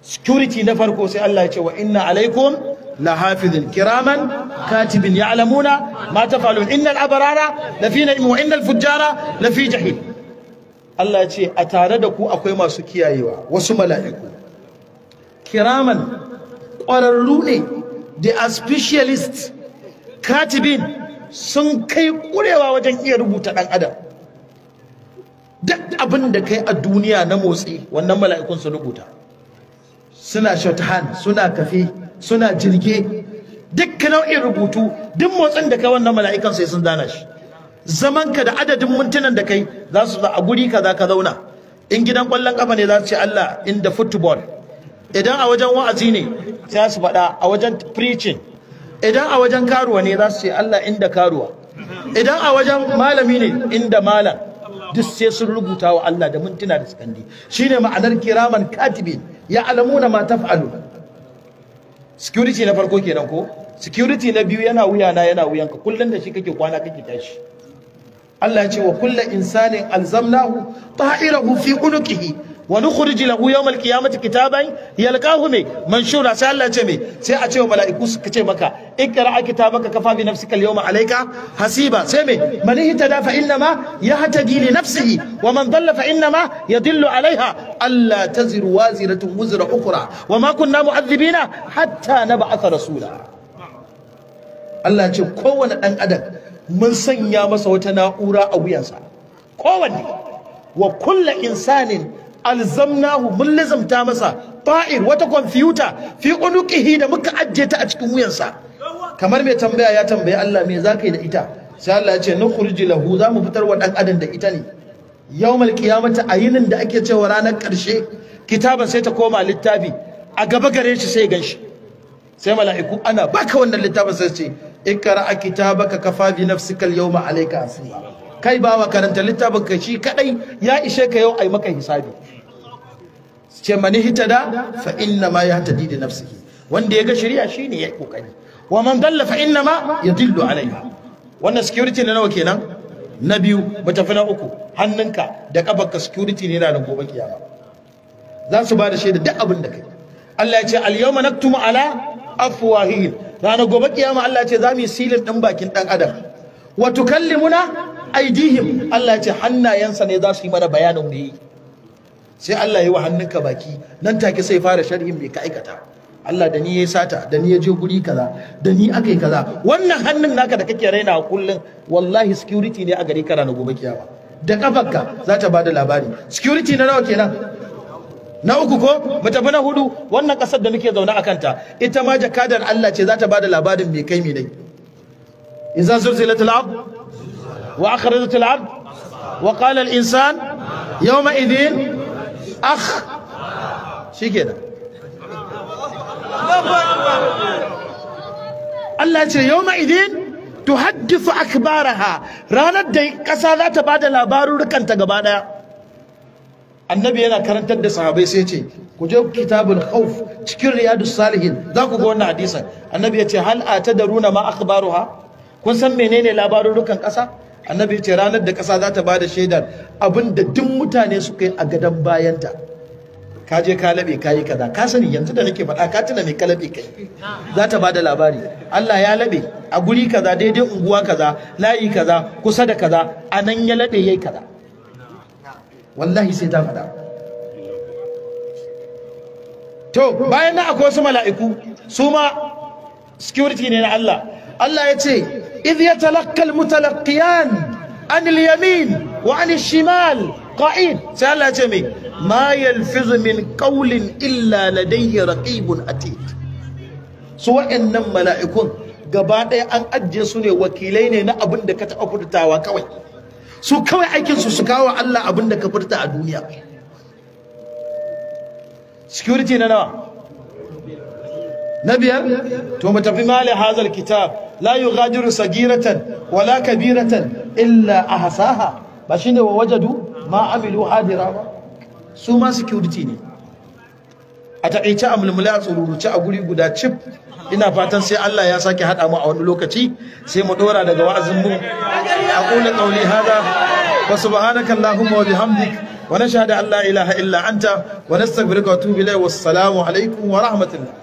security na farko sai Allah ya ce wa inna alaikum la hafizin kiraman katibin ya'lamuna ma tafalun innal abrara la na'im wa innal fujjara la jahim Allah ya ce a tare da ku akwai masu kiyayewa wasu mala'iku kiraman ƙwararru ne the are specialists katibin sun kai ƙurewa wajen iya rubuta ɗan adam duk abin da kai a duniya na motsi wannan mala'ikun su rubuta suna shorthand suna kafe suna jirge duk nau'in rubutu duk motsin da kai wannan mala'ikan sai sun zana shi zamanka da adadin mintunan da kai za su a guri ka za ka zauna in gidan kwallon kafa ne za su ce Allah inda da football idan a wajen wa'azi ne sai su faɗa a wajen preaching idan a wajen karuwa ne za su ce Allah inda karuwa idan a wajen malami ne inda malam duk sai sun rubuta wa Allah da mintuna da sakandi shine ma'anar kiraman katibin ya alamuna ma taf'alu security na farko kenan ko security na biyu yana wuya na yana ka kullun da shi kake kwana kake tashi Allah ya ce wa kullu insanin alzamnahu ta'irahu fi unuqihi wani nukhrij lahu yawm al-qiyamati kitaban yalqahu me manshura sai Allah ce me sai a ce wa mala'iku suka ce maka ikra kitabaka kafa bi nafsika al-yawma alayka hasiba sai me man ihtada fa inna ma yahtadi li nafsihi wa man dalla fa inna ma yadillu alaiha alla taziru waziratun wuzra ukhra wa ma kunna mu'adhibina hatta nab'atha rasula Allah ce kowane dan adam mun sanya masa wata na'ura a wuyansa kowanne wa insanin alzamnahu mun lazamta masa fa'ir wata kwamfiyuta fi unuqihi da muka ajiye ta a cikin wuyansa kamar mai tambaya ya tambayi Allah me zaka yi da ita sai Allah ya ce nukhruji lahu za mu fitar wa dan adam da ita ne yawmal qiyamata ayinin da ake cewa ranar karshe kitaban sai ta koma littafi a gaba gare shi sai ganshi sai mala'iku ana baka wannan littafin sai ce ikra kitabaka kafa bi nafsika al-yawma alayka asiba kai bawa karanta littafin ka shi kadai ya ishe ka yau ai maka hisabi ce mani hita da inna ma yahtadi li nafsihi wanda ya ga shiriya shine ya yi kokari wa man dalla fa'in inna ma a alaiha wannan security ne nawa kenan na biyu matafi na uku hannunka da ƙafarka security ne ranar gobe kiyama za su ba da shaida duk abin da kai Allah ya ce al naktumu ala afwahihim ranar gobe kiyama Allah ya ce za yi silin din bakin dan adam wa tukallimuna aidihim Allah ya ce hannayensa ne za su yi mana bayanin da yi sai Allah ya wa hannunka baki nan take sai fara shari'in me ka aikata Allah da ni ya sata da ni ya je guri kaza da ni akai kaza wannan hannun naka da kake raina kullun wallahi security ne a gare ka ranar gobe kiyama da kafarka za ta bada labari security na nawa kenan na uku ko mu tafi na hudu wannan kasar da muke zaune a kanta ita ma jakadar Allah ce za ta bada labarin me kai me dai idza zulzilatil ard wa akhrajatil ard wa qala al insan yawma idhin akh shikenan Allah ce yawma idin tuhaddithu akbaraha ranar da ƙasa za ta da labarurukanta gaba ɗaya. annabi yana karantar da sahabai sai ce ku je kitabul khawf cikin riyadus salihin za ku ga wannan hadisan. annabi ya ce hal Runa ma akbaruha kun san menene labarurukan ƙasa? annabi ya ce ranar da kasa za ta bada shaidar abin da duk mutane suka yi a gadon bayanta ka je ka laɓe ka yi kaza ka sani yanzu da nake faɗa ka tuna mai ka laɓe kai za ta bada labari Allah ya laɓe a guri kaza daidai unguwa kaza layi kaza kusa da kaza a nan ya laɓe yayi kaza wallahi sai ta faɗa to bayan na akwai wasu mala'iku su ma security ne na Allah Allah ya ce idh yatalaqqal mutalaqqiyan anil yamin wa shimal qa'id sai Allah ce mai ma yalfizu min qawlin illa ladayya raqibun atid su wa'annan mala'ikun gaba an ajiye su ne wakilai ne na abin da ka taɓa furtawa kawai su kawai aikin su su kawo Allah abin da ka furta a duniya security na nawa na biyar to mu tafi mali hazal kitab la yughadiru sagiratan wala kabiratan illa a hasaha. ba shi ne wa wajadu ma amilu hadira ba su ma security ne a taƙaice a mulmula a tsururuce a guri guda cif ina fatan sai Allah ya sake haɗa mu a wani lokaci sai mu ɗora daga wa'azin mu a ƙula ƙauli hada wa subhanaka allahumma wa bihamdik wa nashhadu an la ilaha illa anta wa nastaghfiruka wa atubu ilayk wassalamu alaikum wa rahmatullah